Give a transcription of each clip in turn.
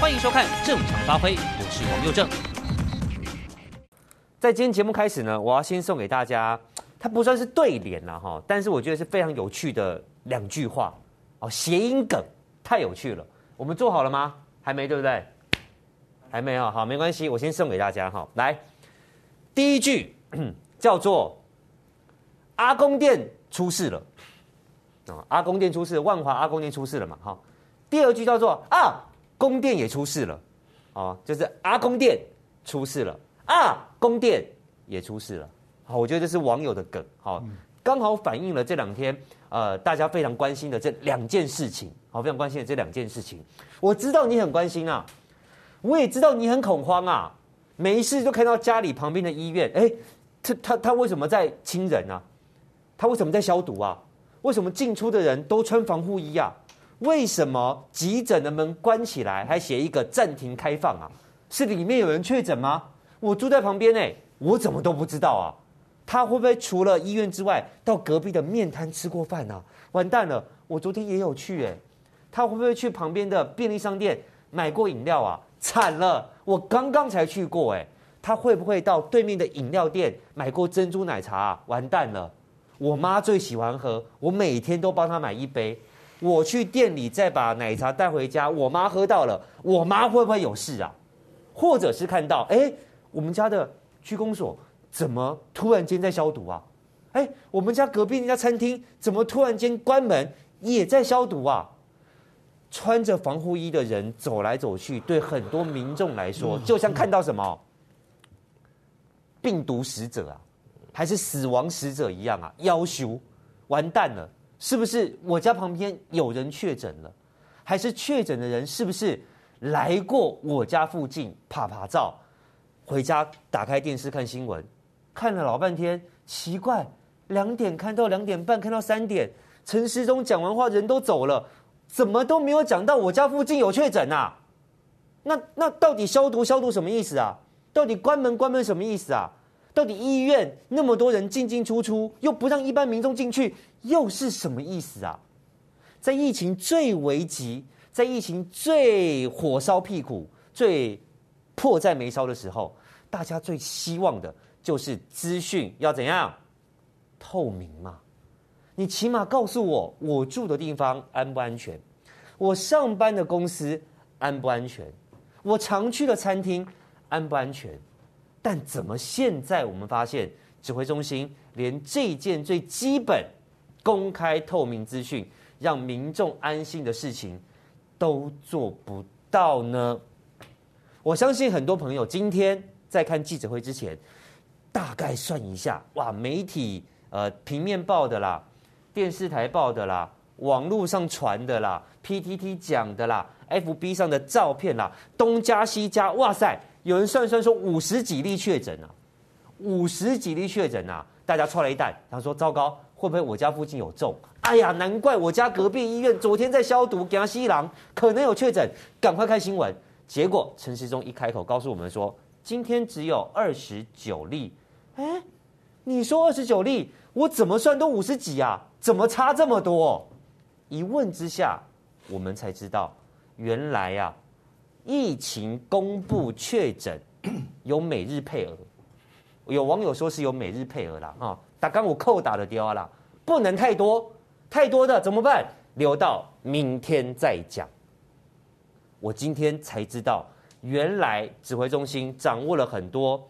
歡迎收看《正常發揮》，我是黃又正。在今天節目開始呢，我要先送給大家，它不算是對聯了哈，但是我覺得是非常有趣的兩句話哦，諧音梗太有趣了。我們做好了嗎？還沒對不對？還沒有、哦，好，沒關係，我先送給大家哈、哦。來，第一句叫做“阿公店出事了”，啊、哦，阿公店出事，萬華阿公店出事了嘛，哈、哦。第二句叫做“啊”。供電也出事了，啊，就是阿公店出事了，啊，供電也出事了，好，我覺得這是網友的梗，好、啊，剛好反映了這兩天呃大家非常關心的這兩件事情，好、啊，非常關心的這兩件事情，我知道你很關心啊，我也知道你很恐慌啊，每一次就看到家裡旁邊的醫院，哎，他他他為什麼在清人呢、啊？他為什麼在消毒啊？為什麼進出的人都穿防護衣啊？為什麼急診的門關起來還寫一個暫停開放啊？是裡面有人確診嗎？我住在旁邊欸，我怎麼都不知道啊？他會不會除了醫院之外，到隔壁的麵攤吃過飯呢？完蛋了，我昨天也有去欸。他會不會去旁邊的便利商店買過飲料啊？慘了，我剛剛才去過欸。他會不會到對面的飲料店買過珍珠奶茶啊？完蛋了，我媽最喜歡喝，我每天都幫她買一杯。我去店裡再把奶茶帶回家，我媽喝到了，我媽會不會有事啊？或者是看到，哎、欸，我們家的區公所怎麼突然間在消毒啊？哎、欸，我們家隔壁人家餐廳怎麼突然間關門也在消毒啊？穿着防護衣的人走來走去，對很多民眾來說，就像看到什麼病毒使者啊，還是死亡使者一樣啊，夭壽，完蛋了。是不是我家旁邊有人確診了？還是確診的人是不是來過我家附近？拍拍照，回家打開電視看新聞，看了老半天，奇怪，兩點看到兩點半，看到三點，陳時中講完話人都走了，怎麼都沒有講到我家附近有確診啊？那那到底消毒消毒什麼意思啊？到底關門關門什麼意思啊？到底醫院那麼多人進進出出，又不讓一般民眾進去？又是什麼意思啊？在疫情最危急，在疫情最火燒屁股、最迫在眉梢的時候，大家最希望的就是資訊要怎樣透明嘛？你起碼告訴我，我住的地方安不安全？我上班的公司安不安全？我常去的餐廳安不安全？但怎麼現在我們發現，指揮中心連這件最基本？公開透明資訊，讓民眾安心的事情，都做不到呢？我相信很多朋友今天在看記者會之前，大概算一下，哇，媒體、呃、平面報的啦，電視台報的啦，網絡上傳的啦，PTT 講的啦，FB 上的照片啦，東加西加，哇塞，有人算算說五十幾例確診啊，五十幾例確診啊，大家剉咧等，他說糟糕。會不會我家附近有重？哎呀，難怪我家隔壁醫院昨天在消毒，江西郎可能有確診，趕快看新聞。結果陳時中一開口告訴我們說，今天只有二十九例。哎，你說二十九例，我怎麼算都五十幾啊？怎麼差這麼多？一問之下，我們才知道，原來呀、啊，疫情公布確診有每日配額。有網友說是有每日配額啦。啊。打剛我扣打的電話啦，不能太多，太多的怎麼辦？留到明天再講。我今天才知道，原來指揮中心掌握了很多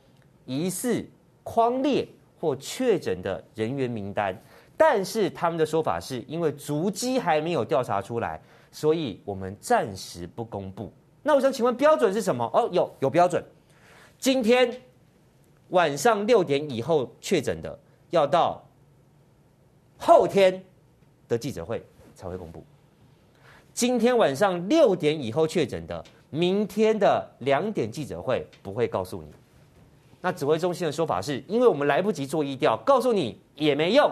疑似、匡列、或確診的人員名單，但是他們的說法是因為足跡還沒有調查出來，所以我們暫時不公布。那我想請問標準是什麼？哦，有有標準，今天晚上六點以後確診的，要到後天的記者會才會公布。今天晚上六點以後確診的，明天的兩點記者會不會告訴你。那指揮中心的說法是，因為我們來不及做疫調，告訴你也沒用，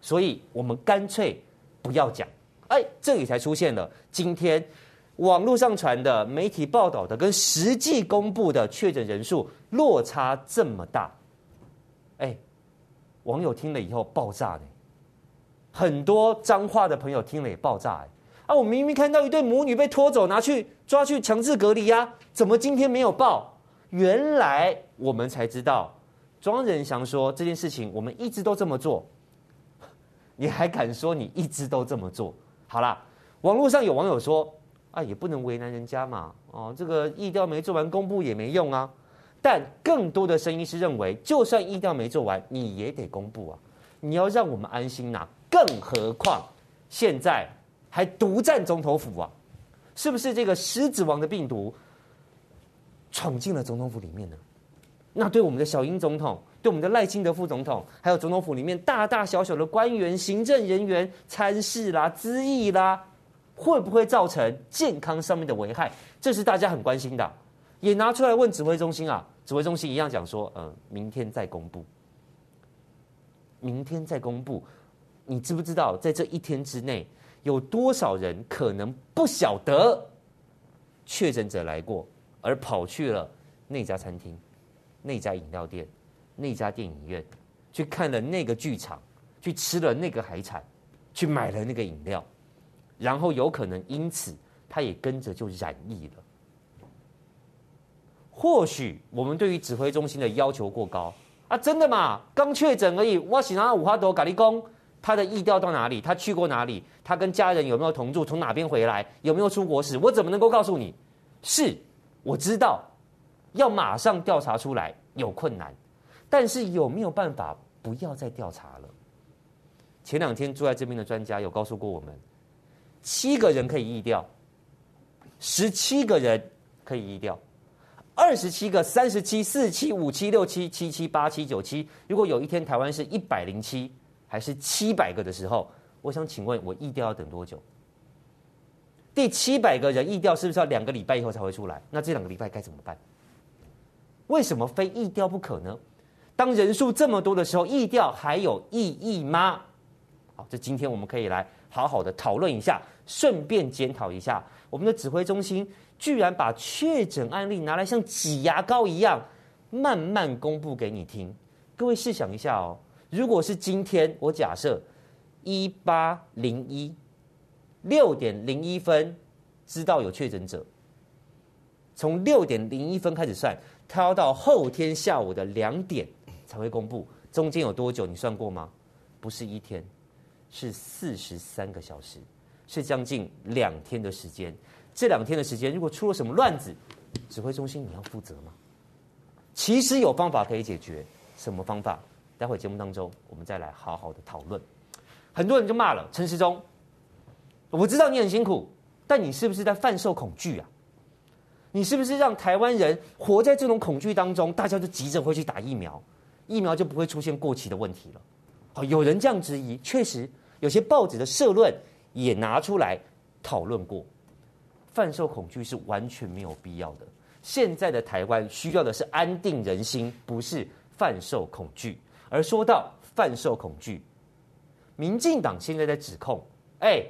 所以我們乾脆不要講。哎，這裡才出現了今天網絡上傳的媒體報道的跟實際公布的確診人數落差這麼大，哎。網友聽了以後爆炸，欸、很多髒話的朋友聽了也爆炸哎，欸！啊，我明明看到一對母女被拖走，拿去抓去強制隔離呀，啊，怎麼今天沒有報？原來我們才知道，莊人祥說這件事情我們一直都這麼做，你還敢說你一直都這麼做？好啦，網絡上有網友說啊，也不能為難人家嘛，哦，這個疫調沒做完公布也沒用啊。但更多的聲音是認為，就算疫調沒做完，你也得公布啊！你要讓我們安心吶、啊！更何況現在還獨佔總統府啊！是不是這個獅子王的病毒闖進了總統府裡面呢？那對我們的小英總統，對我們的賴清德副總統，還有總統府裡面大大小小的官員、行政人員、參事啦、諮議啦，會不會造成健康上面的危害？這是大家很關心的。也拿出來問指揮中心啊，指揮中心一樣講說，嗯、呃，明天再公布，明天再公布。你知不知道，在這一天之內，有多少人可能不曉得確診者來過，而跑去了那家餐廳、那家飲料店、那家電影院，去看了那個劇場，去吃了那個海產，去買了那個飲料，然後有可能因此，他也跟着就染疫了。或許我們對於指揮中心的要求過高啊，真的嗎？剛確診而已。喜歡納五花多咖喱公，他的疫調到哪裡？他去過哪裡？他跟家人有沒有同住？從哪邊回來？有沒有出國史？我怎麼能夠告訴你？是，我知道，要馬上調查出來有困難，但是有沒有辦法不要再調查了？前兩天住在這邊的專家有告訴過我們，七個人可以疫調，十七個人可以疫調。二十七個、三十七、四七、五七、六七、七七、八七、九七。如果有一天台灣是一百零七，還是七百個的時候，我想請問，我疫調要等多久？第七百個人疫調是不是要兩個禮拜以後才會出來？那這兩個禮拜該怎麼辦？為什麼非疫調不可呢？當人數這麼多的時候，疫調還有意義嗎？好，這今天我們可以來好好的討論一下，順便檢討一下我們的指揮中心。居然把確診案例拿來像擠牙膏一樣慢慢公布給你聽。各位試想一下哦，如果是今天，我假設一八零一六點零一分知道有確診者，從六點零一分開始算，他要到後天下午的兩點才會公布，中間有多久？你算過嗎？不是一天，是四十三個小時，是將近兩天的時間。這兩天的時間，如果出了什麼亂子，指揮中心你要負責嗎？其實有方法可以解決，什麼方法？待會節目當中，我們再來好好的討論。很多人就罵了陳時中，我知道你很辛苦，但你是不是在販售恐懼啊？你是不是讓台灣人活在這種恐懼當中？大家就急着回去打疫苗，疫苗就不會出現過期的問題了。好，有人這樣質疑，確實有些報紙的社論也拿出來討論過。販售恐懼是完全沒有必要的。現在的台灣需要的是安定人心，不是販售恐懼。而說到販售恐懼，民進黨現在在指控：哎，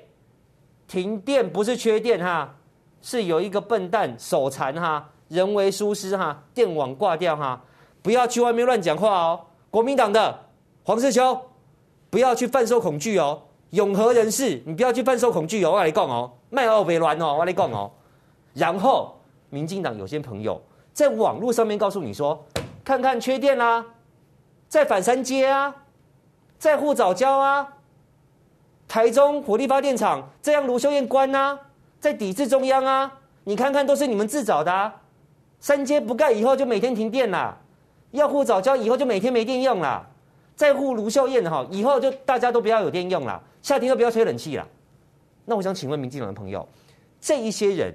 停電不是缺電哈，是有一個笨蛋手殘哈，人為疏失哈，電網掛掉哈。不要去外面亂講話哦，國民黨的黃士修，不要去販售恐懼哦。永和人士，你不要去販售恐懼哦！我來講哦，賣澳維亂哦，我來講哦。然後，民進黨有些朋友在網絡上面告訴你說：“看看缺電啦、啊，在反三接啊，在護藻礁啊，台中火力發電廠這樣盧秀燕關吶、啊，在抵制中央啊，你看看都是你們自找的、啊。三接不蓋以後就每天停電啦，要護藻礁以後就每天沒電用啦，在護盧秀燕哈，以後就大家都不要有電用啦夏天要不要吹冷氣了？那我想請問民進黨的朋友，這一些人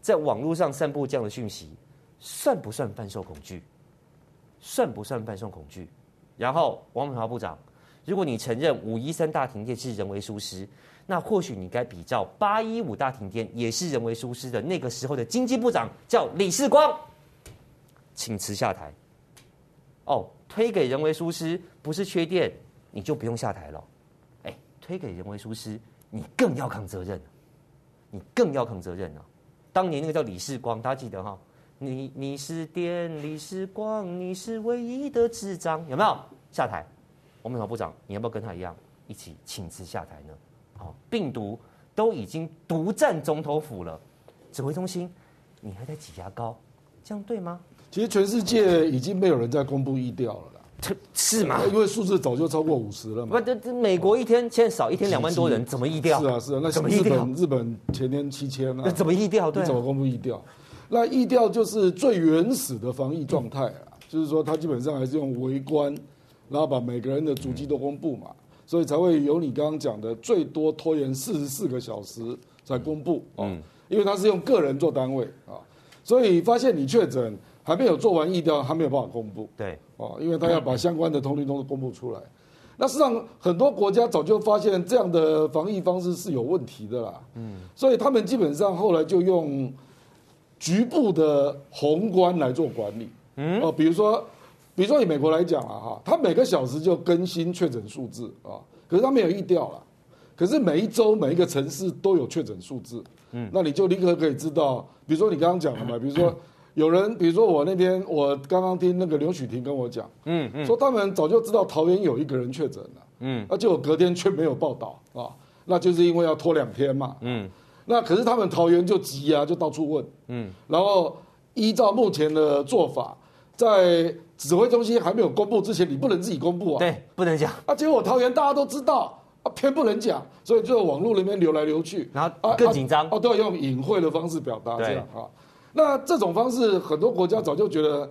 在網絡上散布這樣的訊息，算不算販售恐懼？算不算販售恐懼？然後王美花部長，如果你承認五一三大停電是人為疏失，那或許你該比照八一五大停電也是人為疏失的那個時候的經濟部長叫李世光，請辭下台。哦，推給人為疏失不是缺電，你就不用下台了。推給人為疏失你更要扛責任，你更要扛責任了、啊。當年那個叫李世光，大家記得哈、哦？你你是電李世光，你是唯一的智障，有沒有？下台，我們老部長，你要不要跟他一樣，一起請辭下台呢、哦？病毒都已經獨占總統府了，指揮中心你還在擠牙膏，這樣對嗎？其實全世界已經沒有人在公布疫調了。是嗎？因為數字早就超過五十了嘛。那這這美國一天簽少，一天兩萬多人，基基怎麼疫調？是啊，是啊，那日本日本前天七千嘛。那怎麼疫調？對啊、你怎麼公布疫調？那疫調就是最原始的防疫狀態啊，嗯、就是說他基本上還是用圍觀，然後把每個人的足跡都公布嘛，所以才會有你剛剛講的最多拖延四十四個小時才公布，嗯，因為他是用個人做單位啊，所以發現你確診。還沒有做完疫調，還沒有辦法公布。對、哦，因為他要把相關的通知都公布出來。那事實上，很多國家早就發現這樣的防疫方式是有問題的啦。嗯，所以他們基本上後來就用局部的宏觀來做管理。嗯，哦，比如說，比如說以美國來講啊，哈，他每個小時就更新確診數字啊、哦，可是他沒有疫調了，可是每一周每一個城市都有確診數字。嗯，那你就立刻可、可以知道，比如說你剛剛講的嘛，比如說。有人，比如說我那天，我剛剛聽那個劉許廷跟我講、嗯，嗯，說他們早就知道桃園有一個人確診了，嗯，結果隔天卻沒有報道啊，那就是因為要拖兩天嘛，嗯，那可是他們桃園就急呀、啊，就到處問，嗯，然後依照目前的做法，在指揮中心還沒有公布之前，你不能自己公布啊，對，不能講，啊，結果桃園大家都知道，啊，偏不能講，所以就網絡裡面流來流去，然後更緊張，哦、啊，都、啊、要用隱晦的方式表達這樣對啊。那這種方式，很多國家早就覺得，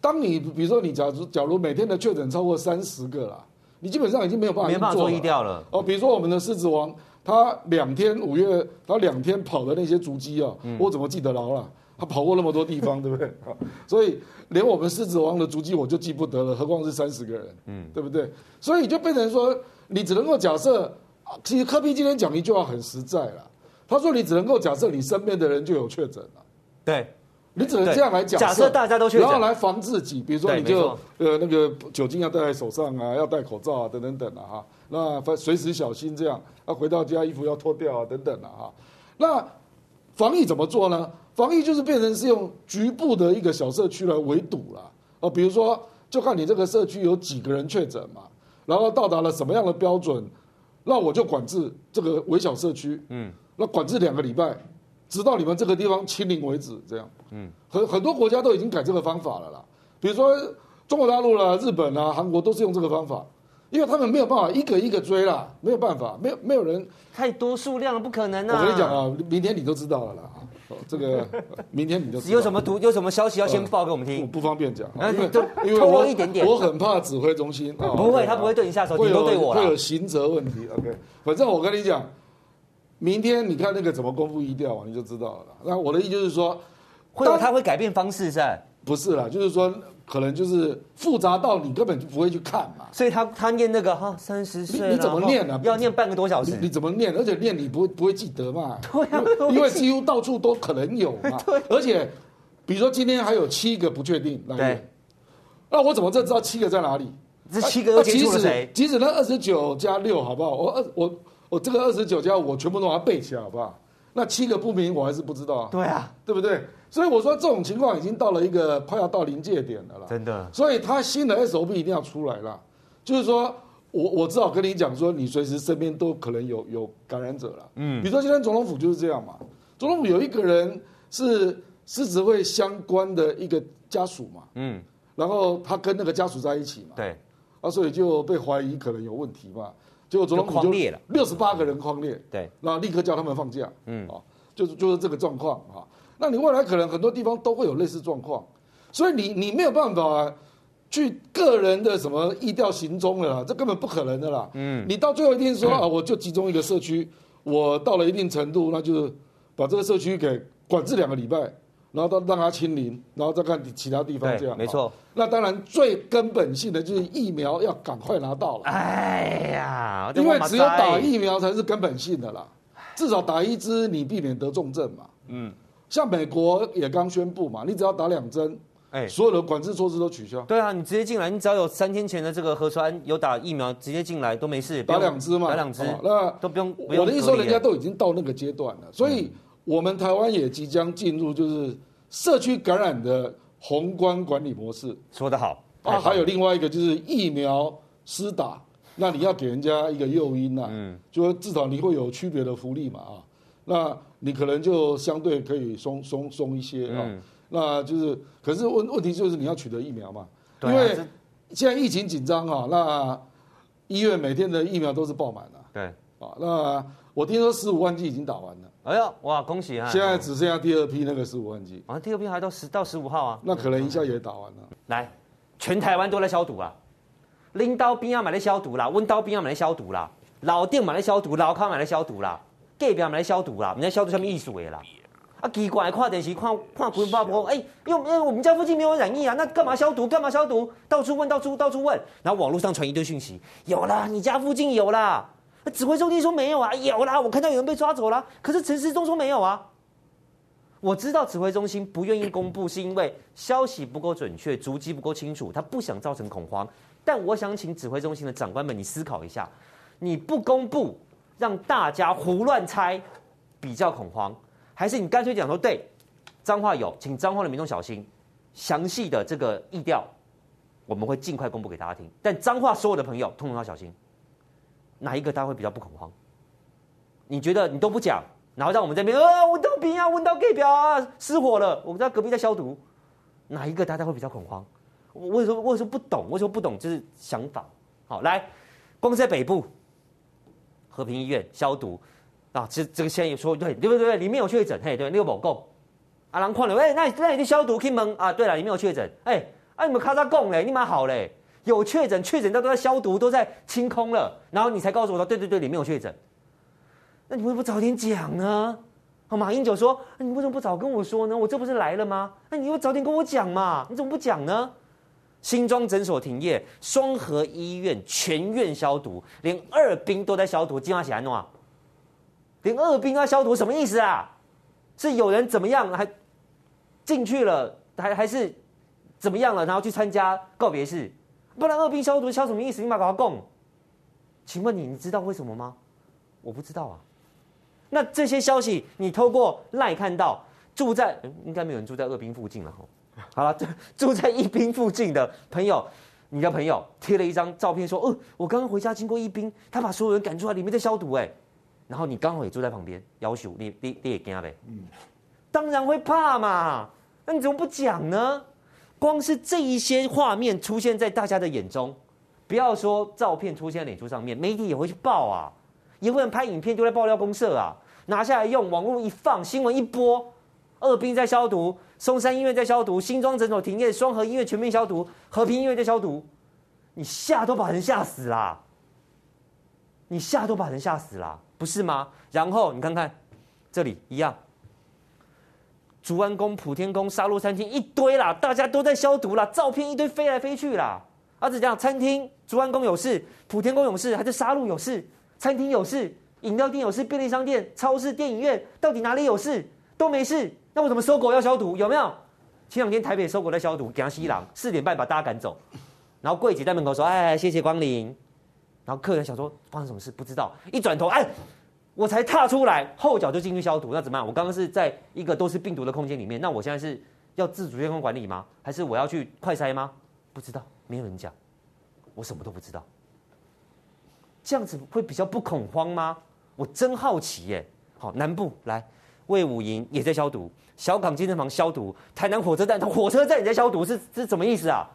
當你比如說你假如假如每天的確診超過三十個了，你基本上已經沒有辦法做疫調了哦。比如說我們的獅子王，他兩天五月他兩天跑的那些足跡啊，我怎麼記得牢了、啊？他跑過那麼多地方，對不對？所以連我們獅子王的足跡我就記不得了，何況是三十個人，嗯，對不對？所以就變成說，你只能夠假設。其實柯 P 今天講一句話很實在了，他說你只能夠假設你身邊的人就有確診了。對，你只能這樣來講。假設大家都去，然後來防自己。對比如說，你就呃那個酒精要帶在手上啊，要戴口罩啊，等等等、啊、哈。那隨時小心這樣。啊，回到家衣服要脫掉啊，等等哈、啊。那防疫怎麼做呢？防疫就是變成是用局部的一個小社區來圍堵了、啊呃。比如說，就看你這個社區有幾個人確診嘛，然後到達了什麼樣的標準，那我就管制這個微小社區。嗯，那管制兩個禮拜。嗯直到你們這個地方清零為止，這樣，嗯，很很多國家都已經改這個方法了啦，比如說中國大陸啦、啊、日本啊、韓國都是用這個方法，因為他們沒有辦法一個一個追啦，沒有辦法，沒有沒有人太多數量，了，不可能啊！我跟你講啊，明天你都知道了啦，哦，這個哈哈哈哈，明天你就有什麼毒，有什麼消息要先報給我們聽？嗯、我不方便講，因為，因為透露一點點。我，我很怕指揮中心，不會，他不會對你下手，他都對我啊，會有刑責問題。OK，反正我跟你講。明天你看那個怎麼功夫一掉啊，你就知道了。那我的意思就是說，會有他會改變方式在，不是啦，就是說可能就是複雜到你根本就不會去看嘛。所以他他念那個哈，三十，你怎麼念呢？要念半個多小時。你怎麼念？而且念你不會不會記得嘛？對啊，因為幾乎到處都可能有嘛。對。而且，比如說今天還有七個不確定，對。那我怎麼就知道七個在哪裡？這七個其實接觸誰？即使那二十九加六好不好？我二我，我。我、哦、這個二十九家，我全部都把它背起來，好不好？那七個不明，我還是不知道。對啊，對不對？所以我說這種情況已經到了一個快要到臨界點了啦。真的。所以他新的 SOP 一定要出來啦，就是說我我只好跟你講說，你隨時身邊都可能有有感染者了。嗯。比如說今天總統府就是這樣嘛，總統府有一個人是獅子會相關的一個家屬嘛，嗯，然後他跟那個家屬在一起嘛，對，啊，所以就被懷疑可能有問題嘛。結果就果昨天匡列了，六十八個人匡列，對，那立刻叫他們放假，嗯對，啊，就是就是這個狀況啊。那你未來可能很多地方都會有類似狀況，所以你你沒有辦法去個人的什麼疫調行蹤了，這根本不可能的啦，嗯，你到最後一定說啊，我就集中一個社區，我到了一定程度，那就是把這個社區給管制兩個禮拜。然後到讓它清零，然後再看其他地方這樣。沒錯。那當然，最根本性的就是疫苗要趕快拿到了。哎呀，因為只有打疫苗才是根本性的啦，至少打一支你避免得重症嘛。嗯唉。像美國也剛宣布嘛，你只要打兩針，哎唉，所有的管制措施都取消。對啊，你直接進來，你只要有三天前的這個核酸有打疫苗，直接進來都沒事。打兩支嘛，打兩支，哦、那都不用。不用我的意思說，人家都已經到那個階段了，所以。嗯我們台灣也即將進入就是社區感染的宏觀管理模式，說得好啊！還有另外一個就是疫苗施打，那你要給人家一個誘因啊。嗯，就說至少你會有區別的福利嘛啊，那你可能就相對可以鬆松鬆一些啊，那就是可是問問題就是你要取得疫苗嘛，因為現在疫情緊張啊，那醫院每天的疫苗都是爆滿的，對啊，啊，那我聽說十五萬劑已經打完了。哎呦哇！恭喜啊！現在只剩下第二批那個十五萬劑，啊，第二批還到十到十五號啊？那可能一下也打完了。嗯嗯、來，全台灣都來消毒啊！拎刀邊啊買來消毒啦，彎刀邊啊買來消毒啦，老店買來消毒，老康買來消毒啦，隔壁買來消毒啦，買來消毒上面藝術的啦。嗯、啊，奇怪，看電、就、視、是，看看滾爆破，哎、嗯欸，因為我們家附近沒有染疫啊？那幹嘛消毒？幹嘛消毒？到處問，到處到處，到處問，然後網絡上傳一堆訊息，有啦，你家附近有啦。指揮中心說沒有啊，有啦，我看到有人被抓走了、啊。可是陳時中說沒有啊。我知道指揮中心不願意公布，是因為消息不夠準確，足跡不夠清楚，他不想造成恐慌。但我想請指揮中心的長官們，你思考一下：你不公布，讓大家胡亂猜，比較恐慌；還是你乾脆講說對，彰化有，請彰化的民眾小心。詳細的這個疫調，我們會盡快公布給大家聽。但彰化，所有的朋友通通要小心。哪一個大家會比較不恐慌？你覺得你都不講，然後在我們這邊，呃、哦，聞到餅啊，聞到蓋表啊，失火了，我們在隔壁在消毒，哪一個大家會比較恐慌？我我說我說不懂，我說不懂，這是想法。好，來，光在北部和平醫院消毒啊，這這個現在有說對,對對不對，裡面有確診，嘿，對，那個寶貢，阿蘭礦流，喂，那那已經消毒開門啊，對了，裡面有確診，哎，哎你們喀薩共嘞，你們,你們好嘞。有確診，確診，那都在消毒，都在清空了。然後你才告訴我，說對對對，裡面有確診。那你為什麼不早點講呢？馬英九說：“你為什麼不早跟我說呢？我這不是來了嗎？那你又早點跟我講嘛！你怎麼不講呢？”新莊診所停業，雙和醫院全院消毒，連二兵都在消毒，計劃起來弄啊！連二兵都在消毒，什麼意思啊？是有人怎麼樣，還進去了，還還是怎麼樣了？然後去參加告別式。不然二兵消毒消什麼意思？你馬上把他供。請問你，你知道為什麼嗎？我不知道啊。那這些消息你透過賴看到，住在、欸、應該沒有人住在二兵附近了。好了，住在一兵附近的朋友，你的朋友貼了一張照片說：哦、呃，我剛剛回家經過一兵，他把所有人趕出來，裡面在消毒、欸。哎，然後你剛好也住在旁邊，要求你你你也驚唄。嗯，當然會怕嘛。那你怎麼不講呢？光是這一些畫面出現在大家的眼中，不要說照片出現在臉書上面，媒體也會去報啊，也會拍影片出來爆料公社啊，拿下來用，網絡一放，新聞一播，二兵在消毒，松山醫院在消毒，新莊診所停業，雙和醫院全面消毒，和平醫院在消毒，你嚇都把人嚇死啦，你嚇都把人嚇死啦，不是嗎？然後你看看這裡一樣。竹安宮、普天宮、沙鹿餐廳一堆啦，大家都在消毒啦，照片一堆飛來飛去啦。啊只講，餐廳、竹安宮有事，普天宮有事，還是沙鹿有事？餐廳有事，飲料店有事，便利商店、超市、電影院，到底哪裡有事？都沒事。那我怎麼收狗要消毒？有沒有？前兩天台北收狗在消毒，他西郎四點半把大家趕走，然後櫃姐在門口說：“哎，謝謝光臨。”然後客人想說發生什麼事，不知道。一轉頭，哎。我才踏出來，後腳就進去消毒，那怎麼樣？我剛剛是在一個都是病毒的空間裡面，那我現在是要自主健康管理嗎？還是我要去快篩嗎？不知道，沒有人講，我什麼都不知道。這樣子會比較不恐慌嗎？我真好奇耶。好，南部來，衛武營也在消毒，小港健身房消毒，台南火車站，火車站也在消毒是，是是什麼意思啊？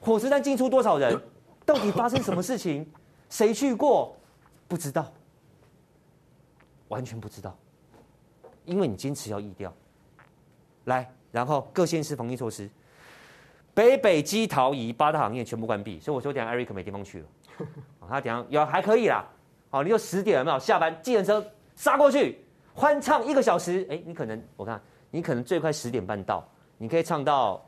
火車站進出多少人？到底發生什麼事情？誰 去過？不知道。完全不知道，因為你堅持要疫調，來，然後各縣市防疫措施，北北基桃宜八大行業全部關閉，所以我說，等下 Eric 沒地方去了， 他等下有還可以啦，好，你就十點有沒有下班，計程車殺過去，歡唱一個小時，哎、欸，你可能我看，你可能最快十點半到，你可以唱到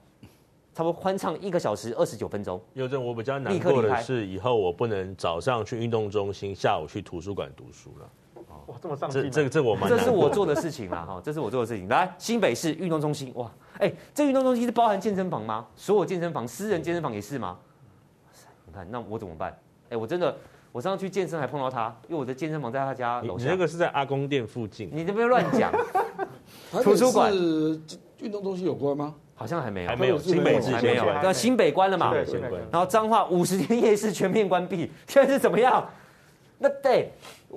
差不多歡唱一個小時二十九分鐘。有陣我比較難過的是，以後我不能早上去運動中心，下午去圖書館讀書了。哇，這麼上進！這這這我蠻……這是我做的事情啦，哈， 這是我做的事情。來，新北市運動中心，哇，哎、欸，這運動中心是包含健身房嗎？所有健身房、私人健身房也是嗎？哇塞，你看，那我怎麼辦？哎、欸，我真的，我上次去健身還碰到他，因為我的健身房在他家樓下你。你那個是在阿公店附近，啊？你這邊亂講。圖書館是運動中心有關嗎？好像還沒有，還沒有新北市還沒有，那新北關了嘛？新北關，然後彰化五十天夜市全面關閉，現在是怎麼樣？那對。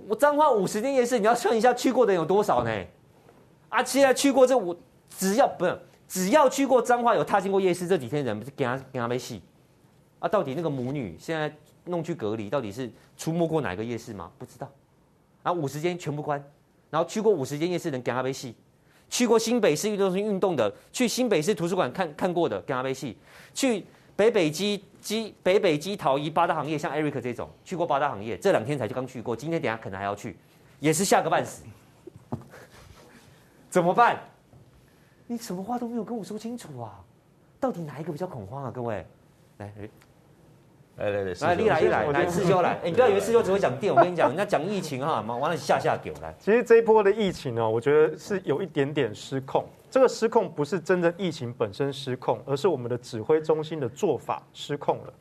我彰化五十間夜市，你要算一下去過的有多少呢？啊，現在去過這五，只要不是只要去過彰化有踏進過夜市這幾天人不是給他給他被洗啊？到底那個母女現在弄去隔離，到底是出沒過哪個夜市嗎？不知道啊。五十間全部關，然後去過五十間夜市人給他被洗，去過新北市運動運動的，去新北市圖書館看看過的給他被洗，去。北北基基北北基逃移，八大行業，像 Eric 這種去過八大行業，這兩天才就剛去過，今天等下可能還要去，也是嚇個半死，怎麼辦？你什麼話都沒有跟我說清楚啊！到底哪一個比較恐慌啊？各位，來，來，來來來，來士修來，你，來來來來，你不要以為士修只會講電，嗯、我跟你講， 人家講疫情哈，完了、 啊、下嚇下我來。其實這波的疫情啊，我覺得是有一點點失控。這個失控不是真正疫情本身失控，而是我們的指揮中心的做法失控了。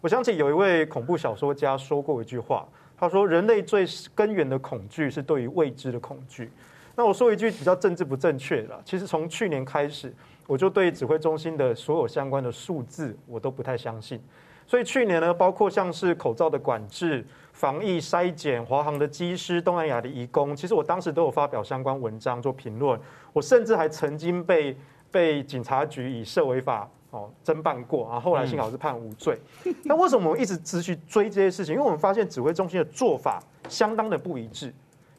我想起有一位恐怖小說家說過一句話，他說：“人類最根源的恐懼是對於未知的恐懼。”那我說一句比較政治不正確的，其實從去年開始，我就對指揮中心的所有相關的數字我都不太相信。所以去年呢，包括像是口罩的管制。防疫篩檢，華航的機師，東南亞的移工，其實我當時都有發表相關文章做評論。我甚至還曾經被被警察局以涉違法哦偵辦過，然後，後來幸好是判無罪。那、嗯、為什麼我一直持續追這些事情？因為我們發現指揮中心的做法相當的不一致，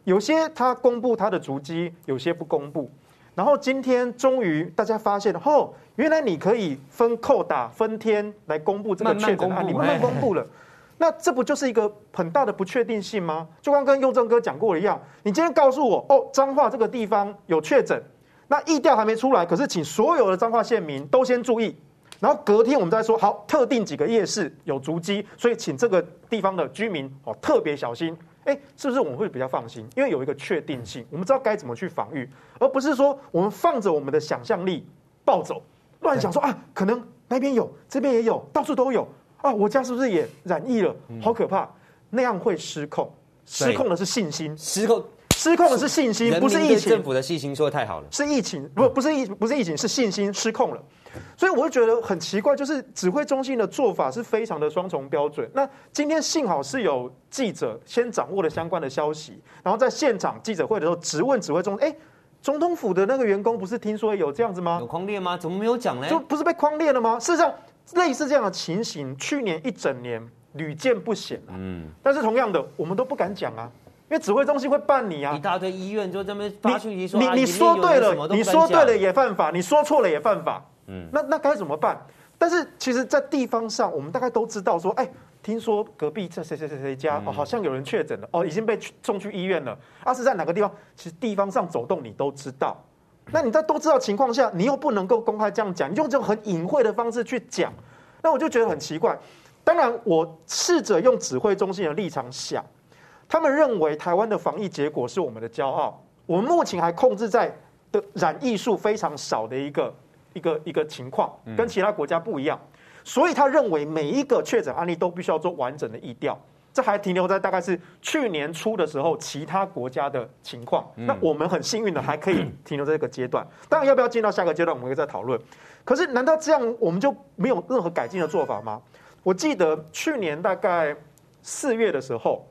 有些他公布他的足跡，有些不公布。然後今天終於大家發現，哦，原來你可以分扣打分天來公布這個確診，你慢慢公布了。嘿嘿嘿那這不就是一個很大的不確定性嗎？就剛跟裕鈞哥講過一樣，你今天告訴我，哦，彰化這個地方有確診，那疫調還沒出來，可是請所有的彰化縣民都先注意，然後隔天我們再說。好，特定幾個夜市有足跡，所以請這個地方的居民哦特別小心。哎，是不是我們會比較放心？因為有一個確定性，我們知道該怎麼去防禦，而不是說我們放着我們的想象力暴走，亂想說啊，可能那邊有，這邊也有，到處都有。啊，我家是不是也染疫了？好可怕！嗯、那樣會失控。失控的是信心。失控失控的是信心，民不是疫情。政府的信心說的太好了。是疫情，不、嗯、不是疫不是疫情，是信心失控了。所以我就覺得很奇怪，就是指揮中心的做法是非常的雙重標準。那今天幸好是有記者先掌握了相關的消息，然後在現場記者會的時候直問指揮中，哎、欸，總統府的那個員工不是聽說有這樣子嗎？有匡列嗎？怎麼沒有講呢？就不是被匡列了嗎？事實上。類似這樣的情形，去年一整年屢見不鮮啊，嗯，但是同樣的，我們都不敢講啊，因為指揮中心會辦你啊。一大堆醫院就這麼發信息說什麼都。你你你說對了，你說對了也犯法，你說錯了也犯法。嗯，那那該怎麼辦？但是其實，在地方上，我們大概都知道說，哎、欸，聽說隔壁這誰誰誰誰家，嗯，哦，好像有人確診了，哦，已經被去送去醫院了。啊，是在哪個地方？其實地方上走動，你都知道。那你在都知道情況下，你又不能夠公開這樣講，用這種很隱晦的方式去講，那我就覺得很奇怪。當然，我試着用指揮中心的立場想，他們認為台灣的防疫結果是我們的驕傲，我們目前還控制在的染疫數非常少的一個一個一個一個情況，跟其他國家不一樣，所以他認為每一個確診案例都必須要做完整的疫調。這還停留在大概是去年初的時候其他國家的情況，那我們很幸運的還可以停留在這個階段。當然，要不要進到下個階段，我們可以再討論。可是，難道這樣我們就沒有任何改進的做法嗎？我記得去年大概四月的時候，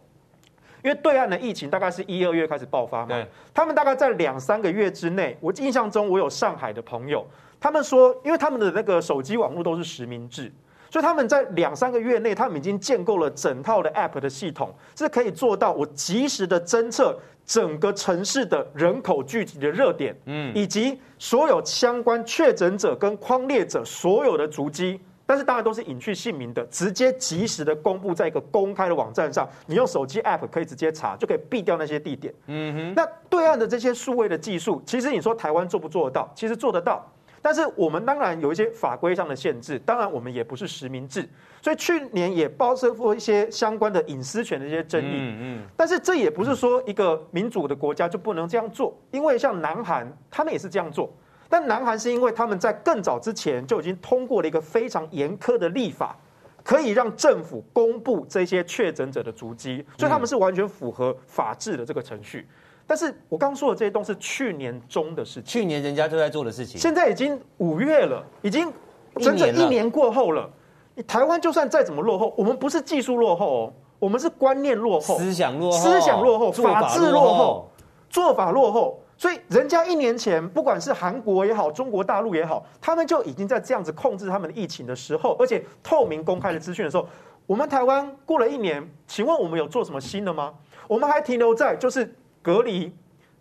因為對岸的疫情大概是一二月開始爆發嘛，他們大概在兩三個月之內，我印象中我有上海的朋友，他們說，因為他們的那個手機網絡都是實名制。所以他們在兩三個月內，他們已經建構了整套的 App 的系統，是可以做到我及時的偵測整個城市的人口聚集的熱點，嗯，以及所有相關確診者跟匡列者所有的足跡，但是當然都是隱去姓名的，直接及時的公布在一個公開的網站上。你用手機 App 可以直接查，就可以避掉那些地點，嗯哼。那對岸的這些數位的技術，其實你說台灣做不做得到？其實做得到。但是我們當然有一些法規上的限制，當然我們也不是實名制，所以去年也爆出過一些相關的隱私權的一些爭議。嗯嗯。但是這也不是說一個民主的國家就不能這樣做，因為像南韓他們也是這樣做，但南韓是因為他們在更早之前就已經通過了一個非常嚴苛的立法，可以讓政府公布這些確診者的足跡，所以他們是完全符合法治的這個程序。但是我剛，剛說的這些都是去年中的事情，去年人家就在做的事情，現在已經五月了，已經整，整整一年過後了。你台灣就算再怎麼落後，我們不是技術落後。哦，我們是觀念落後、思想落後、思想落後、法治落後、做法落後。所以人家一年前不管是韓國也好、中國大陸也好，他們就已經在這樣子控制他們的疫情的時候，而且透明公開的資訊的時候，我們台灣過了一年，請問我們有做什麼新的嗎？我們還停留在就是。隔離、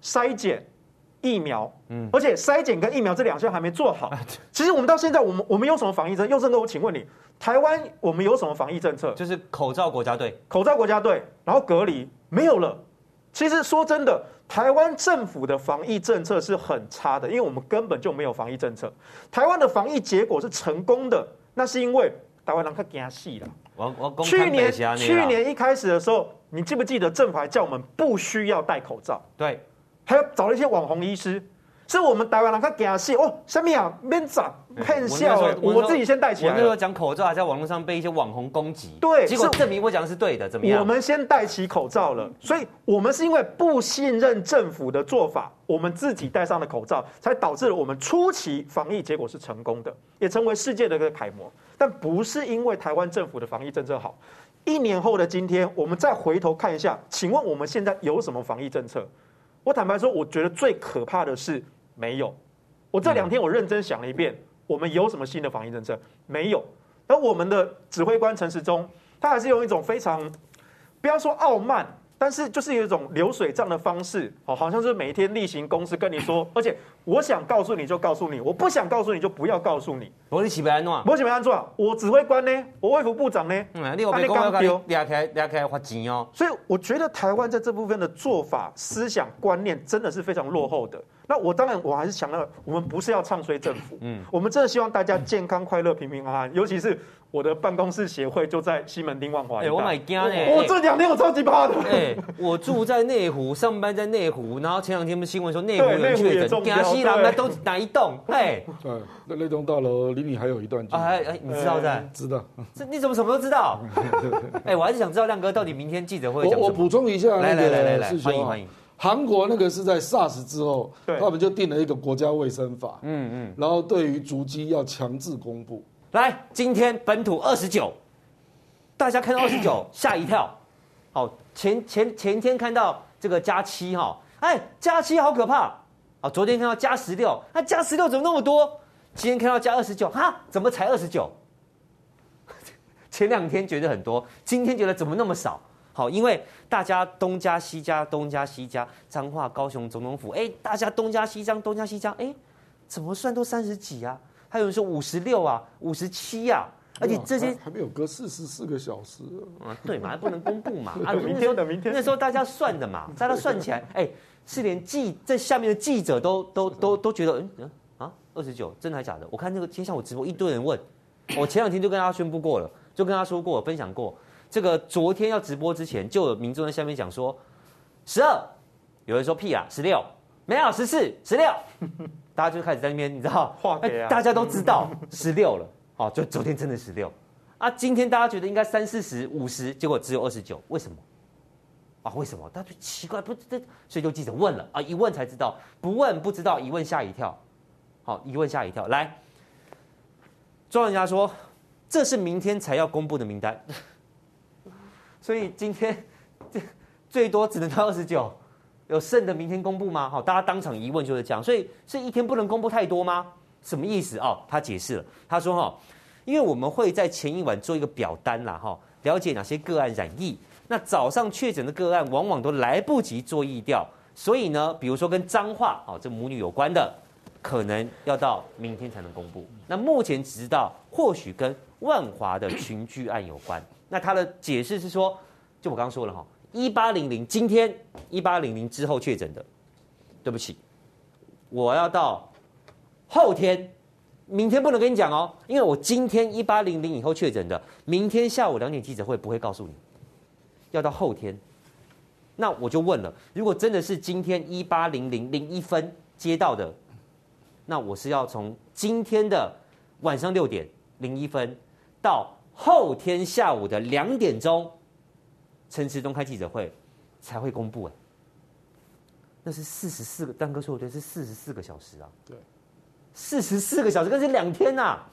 篩檢、疫苗，嗯，而且篩檢跟疫苗這兩項還沒做好。其實我們到現在，我們我們，我，我們有什麼防疫政策？又正哥，我請問你，台灣我們有什麼防疫政策？就是口罩國家隊，口罩國家隊，然後隔離沒有了。其實說真的，台灣政府的防疫政策是很差的，因為我們根本就沒有防疫政策。台灣的防疫結果是成功的，那是因為台灣人比較怕死啦。我去年去年一開始的時候，你記不記得政府還叫我們不需要戴口罩？對，還要找了一些網紅醫師。是我們台灣人，他電視哦，什麼呀、啊？免扎、噴消、欸，我，我自己先戴起來。我那時候講口罩還在網絡上被一些網紅攻擊，對，結果證明我講的是對的，怎麼樣？我們先戴起口罩了，所以我們是因為不信任政府的做法，我們自己戴上了口罩，才導致我們初期防疫結果是成功的，也成為世界的一個楷模。但不是因為台灣政府的防疫政策好。一年後的今天，我們再回頭看一下，請問我們現在有什麼防疫政策？我坦白說，我覺得最可怕的是。沒有，我這兩天我認真想了一遍，我們有什麼新的防疫政策？沒有。而我們的指揮官陳時中，他還是用一種非常不要說傲慢，但是就是有一種流水賬的方式哦，好像是每一天例行公事跟你說。而且我想告訴你就告訴你，我不想告訴你就不要告訴你，你。我你起別安啊，我起別安做啊！我指揮官呢？我衛福部長呢？嗯、你不不我別剛丟，裂開裂開發急哦！所以我覺得台灣在這部分的做法、思想觀念真的是非常落後的。那我當然，我還是強調，我們不是要唱衰政府，嗯，我們真的希望大家健康、快樂、平平安安。尤其是我的辦公室協會就在西門町萬華，哎，我買家呢？我這兩天我超級怕的，哎，我住在內湖，上班在內湖，然後前兩天不是新聞說內湖有人確診，家西南都哪一棟？哎，那那棟大樓離你還有一段距離，哎哎，你知道在知道，這你怎麼什麼都知道？哎，我還是想知道亮哥到底明天記者會講什麼？我補充一下，來來來來來，歡迎歡迎。韓國那個是在 SARS 之後，對他們就定了一個國家衛生法，嗯嗯，然後對於足迹要強制公布。來，今天本土二十九，大家看到二十九嚇一跳。好，前前前天看到這個加七哈、哦，哎，加七好可怕。啊，昨天看到加十六、啊，那加十六怎麼那麼多？今天看到加二十九，哈，怎麼才二十九？前兩天覺得很多，今天覺得怎麼那麼少？好，因為大家東家西家，東家西家，彰化，高雄總統府，哎、欸，大家東家西張，東家西家，哎、欸，怎麼算都三十幾啊？還有人說五十六啊，五十七啊，而且這些還沒有隔四十四個小時、啊啊，對嘛，還不能公布嘛， 啊，明天的明天那時候大家算的嘛，在那算起來，哎、欸，是連記在下面的記者都都都都覺得，嗯嗯，啊，二十九真的還是假的？我看那個今天下午直播一堆人問，我前兩天就跟他宣布過了，就跟他說過，分享過。這個昨天要直播之前，就有民眾在下面講說，十二，有人說屁啊，十六，沒有十四、十六，大家就開始在那邊，你知道，大家都知道十六了，哦，就昨天真的十六啊，今天大家覺得應該三四十五十，結果只有二十九，為什麼？啊，為什麼？大家就奇怪，不，這所以就記者問了啊，一問才知道，不問不知道，一問嚇一跳，好、哦，一問嚇一跳。來，莊人祥說，這是明天才要公布的名單。所以今天，這最多只能到二十九，有剩的明天公布嗎？好，大家當場疑問就是這樣，所以，所以一天不能公布太多嗎？什麼意思哦，他解釋了，他說哈，因為我們會在前一晚做一個表單啦哈，了解哪些個案染疫，那早上確診的個案往往都來不及做疫調，所以呢，比如說跟彰化哦，這母女有關的，可能要到明天才能公布。那目前只知道，或許跟。萬華的群聚案有關，那他的解釋是說，就我剛剛說了哈，一八零零，今天一八零零之後確診的。對不起，我要到後天，明天不能跟你講哦，因為我今天一八零零以後確診的，明天下午兩點記者會不會告訴你？要到後天。那我就問了，如果真的是今天一八零零零一分接到的，那我是要從今天的晚上六點零一分，到後天下午的兩點鐘，陳時中開記者會才會公布哎，那是四十四個，丹哥說我覺得是四十四個小時啊，對，四十四個小時，那是兩天吶、啊。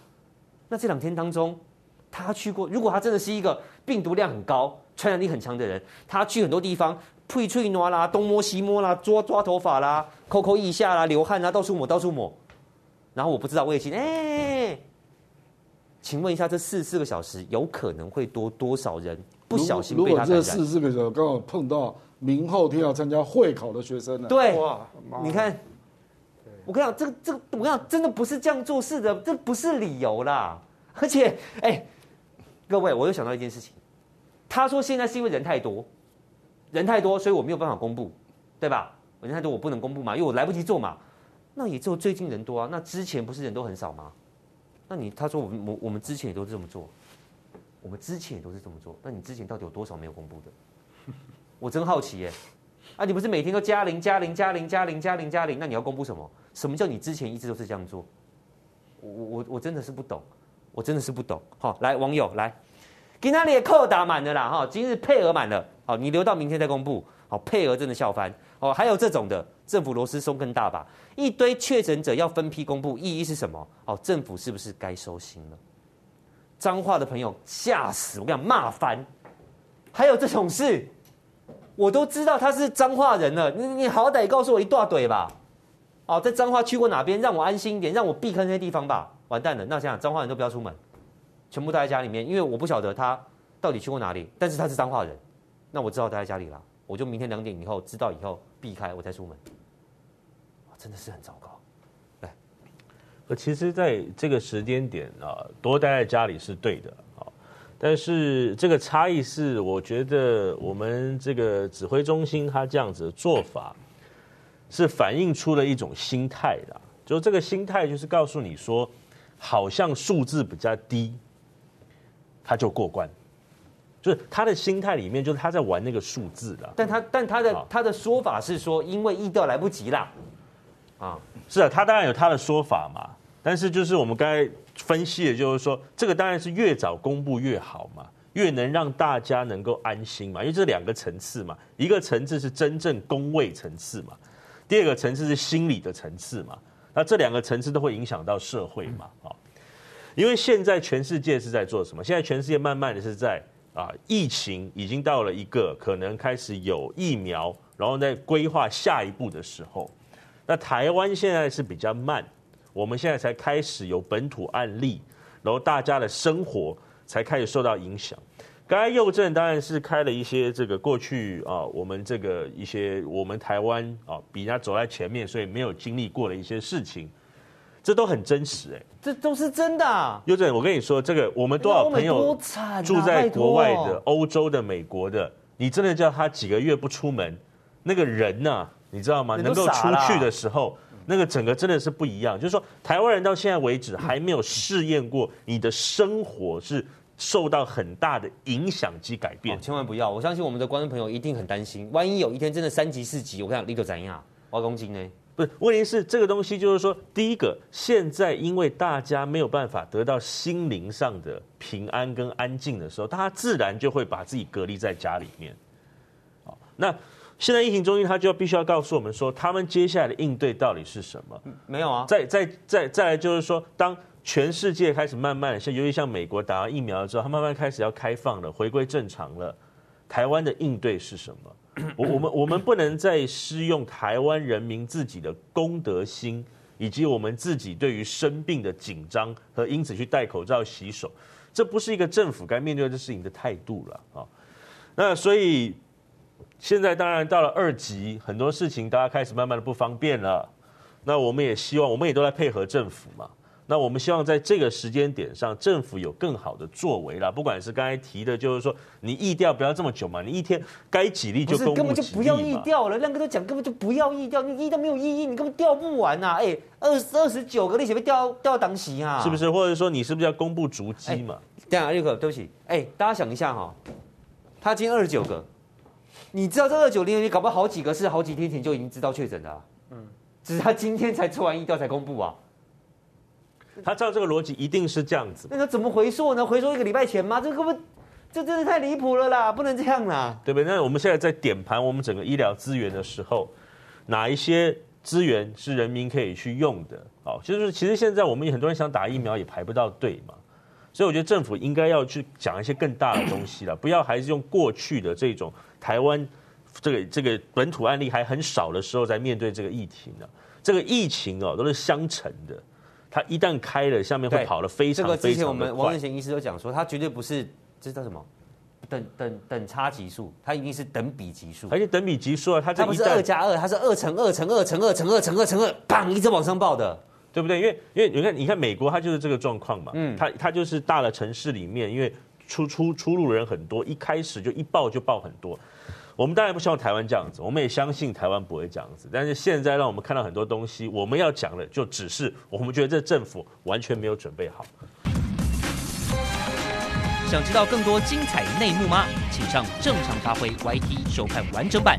那這兩天當中，他去過，如果他真的是一個病毒量很高、傳染力很強的人，他去很多地方，呸啐喏啦，東摸西摸啦，抓抓頭髮啦，摳摳腋下啦，流汗啦，到處抹，到處抹。然後我不知道我也星，哎、欸。請問一下，這四十四個小時有可能會多多少人不小心被他感染？如果這四十四個小時我剛好碰到明後天要參加會考的學生，對，哇你看，媽媽我跟你講，這個這個我跟你講，真的不是這樣做事的，這不是理由啦。而且，哎，各位，我又想到一件事情，他說現在是因為人太多，人太多，所以我沒有辦法公布，對吧？人太多，我不能公布嘛，因為我來不及做嘛。那也就最近人多啊，那之前不是人都很少嗎？那你他說我們我我們之前也都是這麼做，我們之前也都是這麼做。那你之前到底有多少沒有公布的？我真好奇耶、欸！啊，你不是每天都加零加零加零加零加零加零？那你要公布什麼？什麼叫你之前一直都是這樣做？我我我真的是不懂，我真的是不懂。好，來網友來，今天的扣打滿了啦！哈、哦，今日配額滿了，好，你留到明天再公布。配額真的笑翻哦！還有這種的政府螺絲鬆更大吧？一堆確診者要分批公布，意義是什麼？哦，政府是不是該收心了？彰化的朋友嚇死我，跟你講，罵翻！還有這種事，我都知道他是彰化人了。你你好歹告訴我一大堆吧！哦，在彰化去過哪邊，讓我安心一點，讓我避開那些地方吧。完蛋了，那想想彰化人都不要出門，全部待在家裡面，因為我不曉得他到底去過哪裡，但是他是彰化人，那我知道待在家裡了。我就明天兩點以後，知道以後避開我再出門，真的是很糟糕。哎，呃，其實，在這個時間點啊，多待在家裡是對的啊。但是，這個差異是，我覺得我們這個指揮中心他這樣子的做法，是反映出了一種心態的啊。就這個心態，就是告訴你說，好像數字比較低，他就過關。就是他的心態裡面，就是他在玩那個數字的。但他但他的、哦、他的說法是說，因為疫調來不及了，啊，是啊，他當然有他的說法嘛。但是就是我們剛才分析的，就是說這個當然是越早公布越好嘛，越能讓大家能夠安心嘛。因為這兩個層次嘛，一個層次是真正公衛層次嘛，第二個層次是心理的層次嘛。那這兩個層次都會影響到社會嘛，啊、哦，因為現在全世界是在做什麼？現在全世界慢慢的是在。啊，疫情已經到了一個可能開始有疫苗，然後再規劃下一步的時候，那台灣現在是比較慢，我們現在才開始有本土案例，然後大家的生活才開始受到影響。該右政當然是開了一些這個過去啊，我們這個一些我們台灣啊比人家走在前面，所以沒有經歷過的一些事情。這都很真實哎，欸，這都是真的。裕鈞，我跟你說，這個我們多少朋友住在國外的，歐洲的，美國的，你真的叫他幾個月不出門，那個人吶，啊，你知道嗎？能夠出去的時候，那個整個真的是不一樣。就是說，台灣人到現在為止還沒有試驗過，你的生活是受到很大的影響及改變。哦，千萬不要，我相信我們的觀眾朋友一定很擔心，萬一有一天真的三級四級，我看立刻怎樣，挖公斤呢？不是，問題是這個東西，就是說，第一個，現在因為大家沒有辦法得到心靈上的平安跟安靜的時候，他自然就會把自己隔離在家裡面。好，那現在疫情中心他就要必須要告訴我們說，他們接下來的應對到底是什麼？沒有啊？再再再再來，就是說，當全世界開始慢慢的像，尤其像美國打完疫苗之後，他慢慢開始要開放了，回歸正常了，台灣的應對是什麼？我我們我們不能再施用台灣人民自己的公德心，以及我們自己對於生病的緊張和因此去戴口罩洗手，這不是一個政府該面對的事情的態度了啊！那所以現在當然到了二級，很多事情大家開始慢慢的不方便了，那我們也希望我們也都來配合政府嘛。那我們希望在這個時間點上，政府有更好的作為啦。不管是剛才提的，就是說你疫調，不要這麼久嘛，你一天該幾例就公布幾例。不是，根本就不要疫調了。亮哥都講，根本就不要疫調，你疫調沒有意義，你根本調不完吶。哎，二二十九個例，全部掉掉檔席啊。欸、啊是不是？或者說，你是不是要公布足跡嘛？對啊、欸，亮哥，對不起。哎、欸，大家想一下哈、喔，他今天二十九個，你知道這二十九零你搞不好，好幾個是好幾天前就已經知道確診的、啊。嗯，只是他今天才做完疫調才公布啊。他照這個邏輯，一定是這樣子。那他怎麼回溯呢？回溯一個禮拜前嗎？這個不，這真的太離譜了啦！不能這樣啦，對不對？那我們現在在點盤我們整個醫療資源的時候，哪一些資源是人民可以去用的？哦，就是其實現在我們有很多人想打疫苗也排不到隊嘛，所以我覺得政府應該要去講一些更大的東西啦，不要還是用過去的這種台灣這個這個本土案例還很少的時候在面對這個疫情呢、啊？這個疫情哦、啊，都是相乘的。它一旦開了，下面會跑得非常非常的快。這個之前我們王任賢醫師都講說，它絕對不是這叫什麼，等等等差級數，它一定是等比級數。而且等比級數啊，它這一不是二加二，它是二乘二乘二乘二乘二乘二乘二，砰，一直往上爆的，對不對？因為因為你看你看美國，它就是這個狀況嘛，嗯，它它就是大的城市裡面，因為出出出入人很多，一開始就一爆就爆很多。我們當然不希望台灣這樣子，我們也相信台灣不會這樣子。但是現在讓我們看到很多東西，我們要講的就只是我們覺得這政府完全沒有準備好。想知道更多精彩內幕嗎？請上《正常發揮》YT 收看完整版。